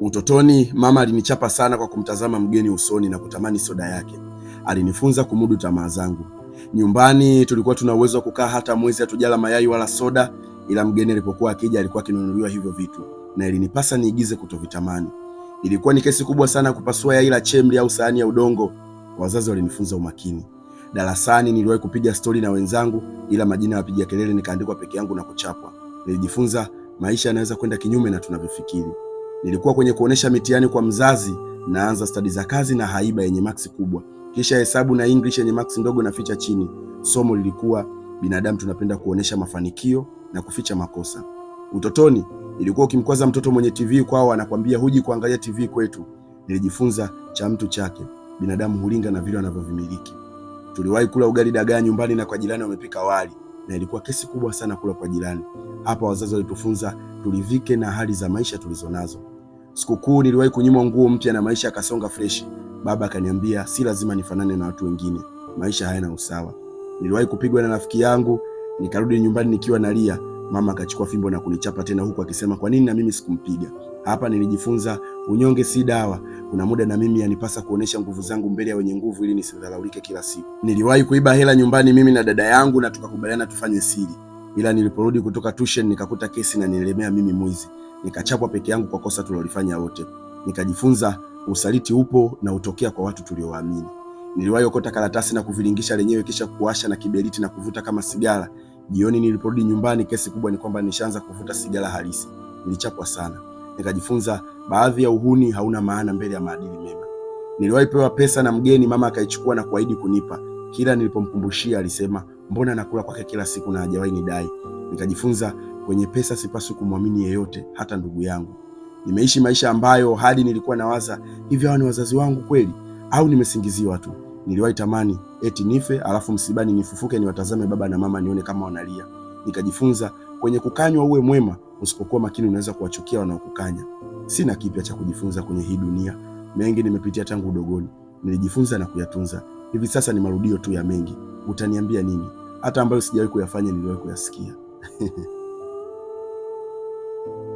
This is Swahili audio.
Utotoni mama alinichapa sana kwa kumtazama mgeni usoni na kutamani soda yake. Alinifunza kumudu tamaa zangu. Nyumbani tulikuwa tuna uwezo wa kukaa hata mwezi hatujala mayai wala soda, ila mgeni alipokuwa akija alikuwa akinunuliwa hivyo vitu, na ilinipasa niigize kutovitamani. Ilikuwa ni kesi kubwa sana kupasua yai la chemli au sahani ya udongo. Wazazi walinifunza umakini. Darasani niliwahi kupiga stori na wenzangu, ila majina ya wapiga kelele nikaandikwa peke yangu na kuchapwa. Nilijifunza maisha yanaweza kwenda kinyume na tunavyofikiri. Nilikuwa kwenye kuonesha mitihani kwa mzazi, naanza stadi za kazi na haiba yenye maksi kubwa, kisha hesabu na English yenye maksi ndogo na ficha chini. Somo lilikuwa binadamu tunapenda kuonesha mafanikio na kuficha makosa. Utotoni ilikuwa ukimkwaza mtoto mwenye TV kwao anakwambia huji kuangalia TV kwetu. Nilijifunza cha mtu chake, binadamu hulinga na vile wanavyovimiliki. Tuliwahi kula ugali dagaa nyumbani na kwa jirani wamepika wali, na ilikuwa kesi kubwa sana kula kwa jirani. Hapa wazazi walitufunza tulivike na hali za maisha tulizonazo. Sikukuu niliwahi kunyimwa nguo mpya na maisha akasonga freshi. Baba akaniambia si lazima nifanane na watu wengine, maisha hayana usawa. Niliwahi kupigwa na rafiki yangu, nikarudi nyumbani nikiwa nalia. Mama akachukua fimbo na kunichapa tena, huku akisema kwa nini na mimi sikumpiga. Hapa nilijifunza unyonge si dawa. Kuna muda na mimi yanipasa kuonesha nguvu zangu mbele ya wenye nguvu, ili nisidharaulike kila siku. Niliwahi kuiba hela nyumbani, mimi na dada yangu, na tukakubaliana tufanye siri ila niliporudi kutoka tushen nikakuta kesi na nilemea mimi mwizi, nikachapwa peke yangu kwa kosa tulolifanya wote. Nikajifunza usaliti upo na utokea kwa watu tuliowaamini. Niliwahi okota karatasi na kuvilingisha lenyewe kisha kuwasha na kiberiti na kuvuta kama sigara. Jioni niliporudi nyumbani, kesi kubwa ni kwamba nishaanza kuvuta sigara halisi. Nilichapwa sana, nikajifunza baadhi ya uhuni hauna maana mbele ya maadili mema. Niliwahi pewa pesa na mgeni, mama akaichukua na kuahidi kunipa. Kila nilipomkumbushia alisema Mbona nakula kwake kila siku na hajawahi nidai? Nikajifunza kwenye pesa sipaswi kumwamini yeyote, hata ndugu yangu. Nimeishi maisha ambayo hadi nilikuwa nawaza hivi, hawa ni wazazi wangu kweli au nimesingiziwa tu? Niliwahi tamani eti nife alafu msibani nifufuke niwatazame baba na mama nione kama wanalia. Nikajifunza kwenye kukanywa uwe mwema, usipokuwa makini unaweza kuwachukia wanaokukanya. Sina kipya cha kujifunza kwenye hii dunia, mengi nimepitia tangu udogoni, nilijifunza na kuyatunza. Hivi sasa ni marudio tu ya mengi. Utaniambia nini? hata ambayo sijawahi kuyafanya niliwahi kuyasikia